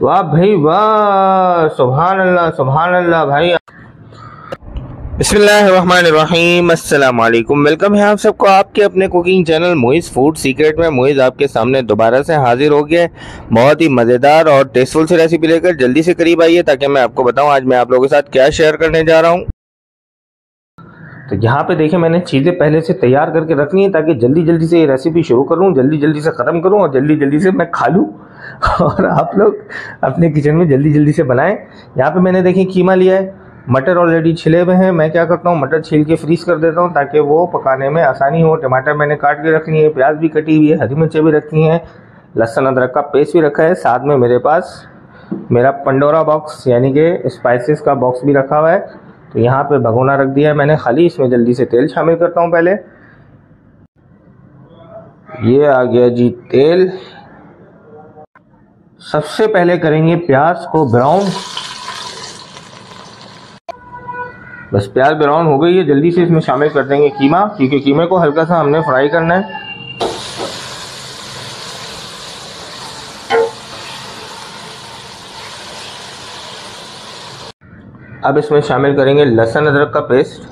वाह भाई वाह सुबहान अल्लाह सुबहान अल्लाह भाई बसमीम वेलकम है आप सबको आपके अपने cooking channel Moiz food secret में मोइज़ आपके सामने दोबारा से हाजिर हो गया बहुत ही मज़ेदार और टेस्टफुल सी रेसिपी लेकर जल्दी से करीब आइए ताकि मैं आपको बताऊं आज मैं आप लोगों के साथ क्या शेयर करने जा रहा हूं तो यहाँ पे देखें मैंने चीज़ें पहले से तैयार करके रखनी है ताकि जल्दी जल्दी से ये रेसिपी शुरू करूँ जल्दी जल्दी से ख़त्म करूँ और जल्दी जल्दी से मैं खा लूँ और आप लोग अपने किचन में जल्दी जल्दी से बनाएं यहाँ पे मैंने देखिए कीमा लिया है मटर ऑलरेडी छिले हुए हैं मैं क्या करता हूँ मटर छील के फ्रीज कर देता हूँ ताकि वो पकाने में आसानी हो टमाटर मैंने काट के रखनी है प्याज भी कटी हुई है हरी मिर्चें भी रखी हैं लहसुन अदरक का पेस्ट भी रखा है साथ में मेरे पास मेरा पंडोरा बॉक्स यानी कि स्पाइसिस का बॉक्स भी रखा हुआ है तो यहाँ पे भगोना रख दिया है मैंने खाली इसमें जल्दी से तेल शामिल करता हूँ पहले ये आ गया जी तेल सबसे पहले करेंगे प्याज को ब्राउन बस प्याज ब्राउन हो गई है जल्दी से इसमें शामिल कर देंगे कीमा क्योंकि कीमे को हल्का सा हमने फ्राई करना है अब इसमें शामिल करेंगे लहसुन अदरक का पेस्ट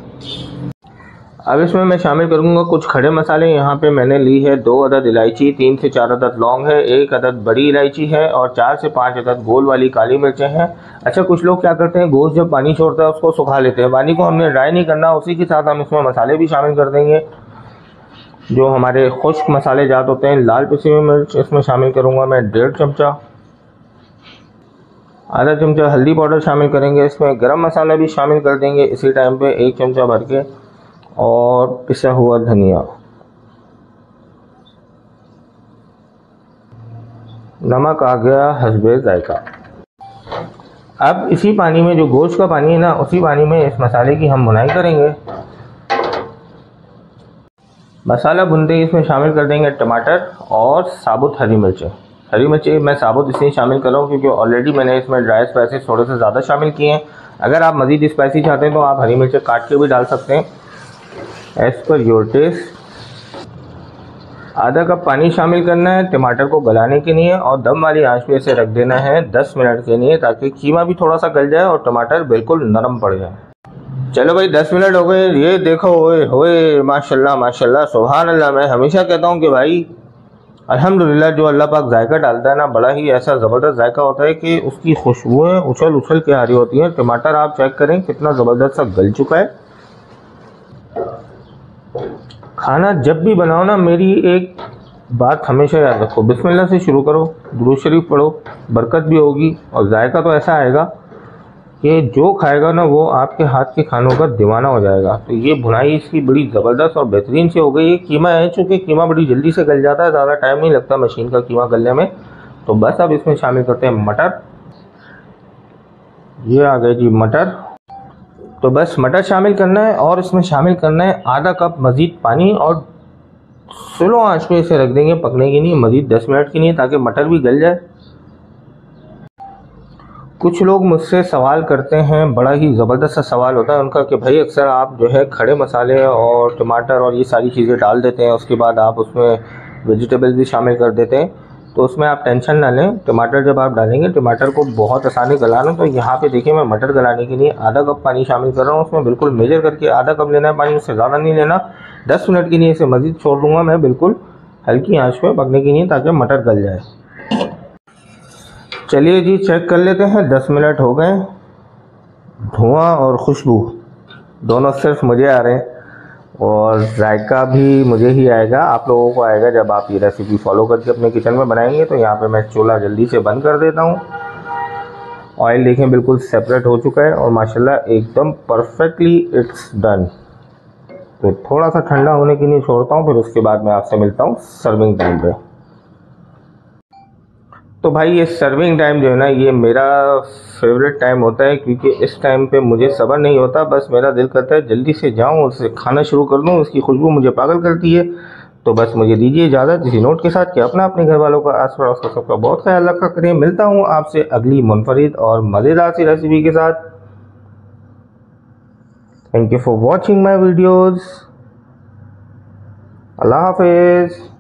अब इसमें मैं शामिल करूँगा कुछ खड़े मसाले यहाँ पे मैंने ली है दो अदद इलायची तीन से चार अदद लौंग है एक अदद बड़ी इलायची है और चार से पाँच अदद गोल वाली काली मिर्चें हैं अच्छा कुछ लोग क्या करते हैं गोश्त जब पानी छोड़ता है उसको सुखा लेते हैं पानी को हमने ड्राई नहीं करना उसी के साथ हम इसमें मसाले भी शामिल कर देंगे जो हमारे खुश्क मसाले जात होते हैं लाल पिसी हुई मिर्च इसमें शामिल करूँगा मैं डेढ़ चमचा आधा चमचा हल्दी पाउडर शामिल करेंगे इसमें गरम मसाला भी शामिल कर देंगे इसी टाइम पे एक चमचा भर के और पिसा हुआ धनिया नमक आ गया हसबे जायका अब इसी पानी में जो गोश्त का पानी है ना उसी पानी में इस मसाले की हम बुनाई करेंगे मसाला भुनते ही इसमें शामिल कर देंगे टमाटर और साबुत हरी मिर्चें हरी मिर्चें मैं साबुत इसलिए शामिल कर रहा हूँ क्योंकि ऑलरेडी मैंने इसमें ड्राई स्पाइसेस थोड़े से ज़्यादा शामिल किए हैं अगर आप मज़ीद स्पाइसी चाहते हैं तो आप हरी मिर्चें काट के भी डाल सकते हैं एज पर योर टेस्ट आधा कप पानी शामिल करना है टमाटर को गलाने के लिए और दम वाली आंच पे इसे रख देना है 10 मिनट के लिए ताकि कीमा भी थोड़ा सा गल जाए और टमाटर बिल्कुल नरम पड़ जाए चलो भाई 10 मिनट हो गए ये देखो ओए होए माशाल्लाह माशाल्लाह सुबहान अल्लाह मैं हमेशा कहता हूँ कि भाई अल्हम्दुलिल्लाह जो अल्लाह पाक जायका डालता है ना बड़ा ही ऐसा ज़बरदस्त जायका होता है कि उसकी खुशबुएँ उछल उछल के आ रही होती हैं टमाटर आप चेक करें कितना ज़बरदस्त सा गल चुका है खाना जब भी बनाओ ना मेरी एक बात हमेशा याद रखो बिस्मिल्लाह से शुरू करो गुरु शरीफ पढ़ो बरकत भी होगी और जायका तो ऐसा आएगा कि जो खाएगा ना वो आपके हाथ के खानों का दीवाना हो जाएगा तो ये भुनाई इसकी बड़ी ज़बरदस्त और बेहतरीन से हो गई है कीमा है चूँकि कीमा बड़ी जल्दी से गल जाता है ज़्यादा टाइम नहीं लगता मशीन का कीमा गलने में तो बस अब इसमें शामिल करते हैं मटर ये आ गए जी मटर तो बस मटर शामिल करना है और इसमें शामिल करना है आधा कप मज़ीद पानी और स्लो आंच पे इसे रख देंगे पकने के लिए मज़ीद दस मिनट के लिए ताकि मटर भी गल जाए कुछ लोग मुझसे सवाल करते हैं बड़ा ही ज़बरदस्त सा सवाल होता है उनका कि भाई अक्सर आप जो है खड़े मसाले और टमाटर और ये सारी चीज़ें डाल देते हैं उसके बाद आप उसमें वेजिटेबल्स भी शामिल कर देते हैं तो उसमें आप टेंशन ना लें टमाटर जब आप डालेंगे टमाटर को बहुत आसानी गला लें तो यहाँ पे देखिए मैं मटर गलाने के लिए आधा कप पानी शामिल कर रहा हूँ उसमें बिल्कुल मेजर करके आधा कप लेना है पानी उससे ज़्यादा नहीं लेना दस मिनट के लिए इसे मज़ीद छोड़ दूँगा मैं बिल्कुल हल्की आँच पर पकने के लिए ताकि मटर गल जाए चलिए जी चेक कर लेते हैं दस मिनट हो गए धुआँ और खुशबू दोनों सिर्फ मुझे आ रहे हैं और जायका भी मुझे ही आएगा आप लोगों को आएगा जब आप ये रेसिपी फॉलो करके अपने किचन में बनाएंगे तो यहाँ पे मैं चूल्हा जल्दी से बंद कर देता हूँ ऑयल देखें बिल्कुल सेपरेट हो चुका है और माशाल्लाह एकदम परफेक्टली इट्स डन तो थोड़ा सा ठंडा होने के लिए छोड़ता हूँ फिर उसके बाद मैं आपसे मिलता हूँ सर्विंग टाइम पर तो भाई ये सर्विंग टाइम जो है ना ये मेरा फेवरेट टाइम होता है क्योंकि इस टाइम पे मुझे सबर नहीं होता बस मेरा दिल करता है जल्दी से जाऊँ उससे खाना शुरू कर दूँ उसकी खुशबू मुझे पागल करती है तो बस मुझे दीजिए इजाज़त इसी नोट के साथ कि अपना अपने घर वालों का आस पड़ोस का सबका बहुत ख्याल रखा करें मिलता हूँ आपसे अगली मुनफरद और मज़ेदार सी रेसिपी के साथ thank you for watching my videos अल्लाह हाफिज़